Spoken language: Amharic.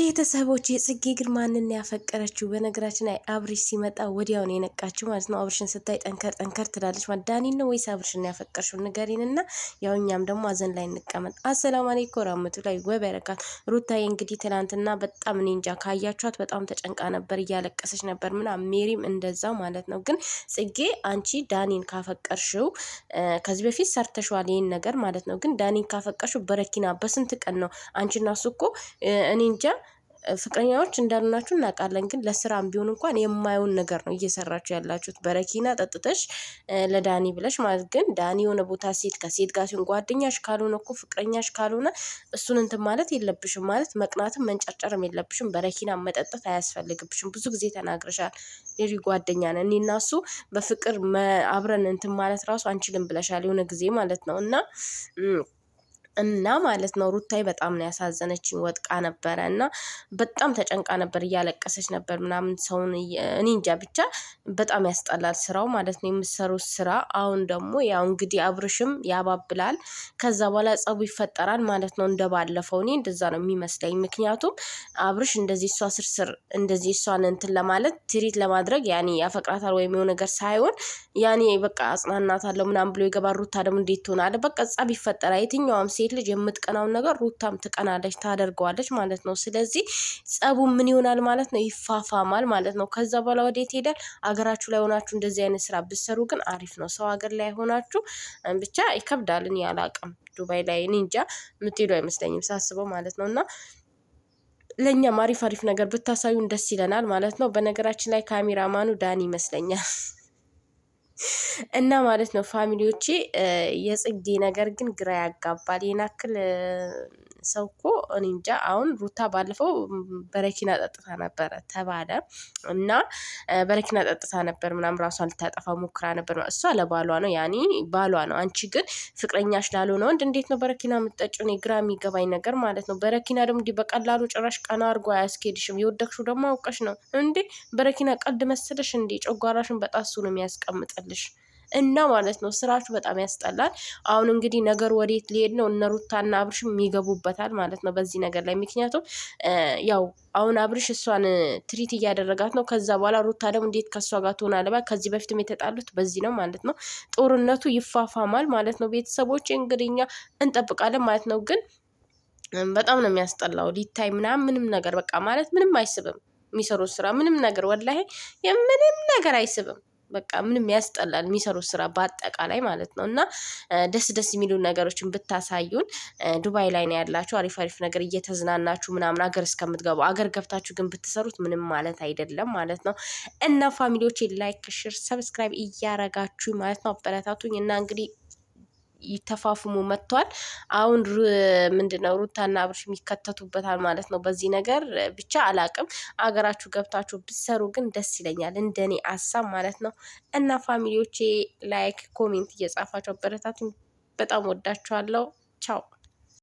ቤተሰቦች የጽጌ ግርማንን ያፈቀረችው በነገራችን ላይ አብርሽ ሲመጣ ወዲያውን የነቃችው ማለት ነው። አብሪሽን ስታይ ጠንከር ጠንከር ትላለች። ዳኒን ነው ወይስ አብሪሽን ያፈቀርሽው ንገሪን እና ያው እኛም ደግሞ አዘን ላይ እንቀመጥ። አሰላም አለይኩም ወራህመቱላሂ ወበረካቱ። ሩታዬ እንግዲህ ትናንትና በጣም እኔ እንጃ ካያችኋት በጣም ተጨንቃ ነበር፣ እያለቀሰች ነበር ምናምን። ሜሪም እንደዛው ማለት ነው። ግን ጽጌ አንቺ ዳኒን ካፈቀርሽው ከዚህ በፊት ሰርተሽዋል ይህን ነገር ማለት ነው። ግን ዳኒን ካፈቀርሽው በረኪና በስንት ቀን ነው አንቺ እና እሱ እኮ እኔ እንጃ ፍቅረኛዎች እንዳሉናችሁ እናውቃለን። ግን ለስራም ቢሆን እንኳን የማየውን ነገር ነው እየሰራችሁ ያላችሁት። በረኪና ጠጥተሽ ለዳኒ ብለሽ ማለት ግን ዳኒ የሆነ ቦታ ሴት ከሴት ጋር ሲሆን ጓደኛሽ ካልሆነ እኮ ፍቅረኛሽ ካልሆነ እሱን እንትን ማለት የለብሽም ማለት መቅናትም መንጨርጨርም የለብሽም። በረኪና መጠጠት አያስፈልግብሽም። ብዙ ጊዜ ተናግረሻል። ሌሪ ጓደኛ ነን እኔ እና እሱ በፍቅር አብረን እንትን ማለት ራሱ አንችልም ብለሻል የሆነ ጊዜ ማለት ነው እና እና ማለት ነው ሩታይ በጣም ነው ያሳዘነችኝ። ወጥቃ ነበረ እና በጣም ተጨንቃ ነበር፣ እያለቀሰች ነበር ምናምን ሰውን እኔ እንጃ ብቻ በጣም ያስጠላል ስራው ማለት ነው የምትሰሩት ስራ። አሁን ደግሞ ያው እንግዲህ አብርሽም ያባብላል፣ ከዛ በኋላ ጸቡ ይፈጠራል ማለት ነው እንደባለፈው። እኔ እንደዛ ነው የሚመስለኝ። ምክንያቱም አብርሽ እንደዚህ እሷ ስርስር እንደዚህ እሷን እንትን ለማለት ትሪት ለማድረግ ያኔ ያፈቅራታል ወይም የሆነ ነገር ሳይሆን ያኔ በቃ አጽናናታለሁ ምናምን ብሎ የገባ ሩታ ደግሞ እንዴት ትሆናለ? በቃ ጸብ ይፈጠራል የትኛውም ሴት ልጅ የምትቀናውን ነገር ሩታም ትቀናለች፣ ታደርገዋለች ማለት ነው። ስለዚህ ጸቡ ምን ይሆናል ማለት ነው? ይፋፋማል ማለት ነው። ከዛ በኋላ ወዴት ሄዳል? አገራችሁ ላይ ሆናችሁ እንደዚህ አይነት ስራ ብትሰሩ ግን አሪፍ ነው። ሰው ሀገር ላይ ሆናችሁ ብቻ ይከብዳልን ያላቅም ዱባይ ላይ እኔ እንጃ የምትሄዱ አይመስለኝም ሳስበው ማለት ነው እና ለእኛም አሪፍ አሪፍ ነገር ብታሳዩን ደስ ይለናል ማለት ነው። በነገራችን ላይ ካሜራማኑ ዳን ይመስለኛል። እና ማለት ነው ፋሚሊዎቼ፣ የጽጌ ነገር ግን ግራ ያጋባል። የናክል ሰው እኮ እኔ እንጃ። አሁን ሩታ ባለፈው በረኪና ጠጥታ ነበረ ተባለ እና በረኪና ጠጥታ ነበር ምናምን ራሷን ልታጠፋ ሞክራ ነበር። እሷ ለባሏ ነው ያኔ ባሏ ነው። አንቺ ግን ፍቅረኛሽ ላልሆነ ወንድ እንዴት ነው በረኪና የምትጠጪው? እኔ ግራ የሚገባኝ ነገር ማለት ነው። በረኪና ደግሞ እንዲህ በቀላሉ ጭራሽ ቀና አድርጎ አያስኬድሽም። የወደቅሽው ደግሞ አውቀሽ ነው እንዴ? በረኪና ቀልድ መሰለሽ እንዴ? ጨጓራሽን በጣሱ ነው የሚያስቀምጥል ትሆናለሽ። እና ማለት ነው ስራችሁ በጣም ያስጠላል። አሁን እንግዲህ ነገር ወዴት ሊሄድ ነው? እነ ሩታና አብርሽም ይገቡበታል ማለት ነው በዚህ ነገር ላይ ምክንያቱም ያው አሁን አብርሽ እሷን ትሪት እያደረጋት ነው። ከዛ በኋላ ሩታ ደግሞ እንዴት ከእሷ ጋር አለባ። ከዚህ በፊትም የተጣሉት በዚህ ነው ማለት ነው። ጦርነቱ ይፋፋማል ማለት ነው። ቤተሰቦች እንግዲህ እኛ እንጠብቃለን ማለት ነው። ግን በጣም ነው የሚያስጠላው። ሊታይ ምናምን ምንም ነገር በቃ ማለት ምንም አይስብም። የሚሰሩት ስራ ምንም ነገር ወላሄ ምንም ነገር አይስብም። በቃ ምንም ያስጠላል የሚሰሩት ስራ በአጠቃላይ ማለት ነው። እና ደስ ደስ የሚሉ ነገሮችን ብታሳዩን። ዱባይ ላይ ነው ያላችሁ፣ አሪፍ አሪፍ ነገር እየተዝናናችሁ ምናምን አገር እስከምትገቡ። አገር ገብታችሁ ግን ብትሰሩት ምንም ማለት አይደለም ማለት ነው። እና ፋሚሊዎች ላይክ፣ ሽር፣ ሰብስክራይብ እያረጋችሁ ማለት ነው አበረታቱኝ እና እንግዲህ ይተፋፍሙ መጥቷል። አሁን ምንድነው ሩታና አብርሽ የሚከተቱበታል ማለት ነው። በዚህ ነገር ብቻ አላቅም። አገራችሁ ገብታችሁ ብትሰሩ ግን ደስ ይለኛል፣ እንደኔ አሳብ ማለት ነው። እና ፋሚሊዎቼ ላይክ፣ ኮሜንት እየጻፋችሁ አበረታቱኝ። በጣም ወዳችኋለሁ። ቻው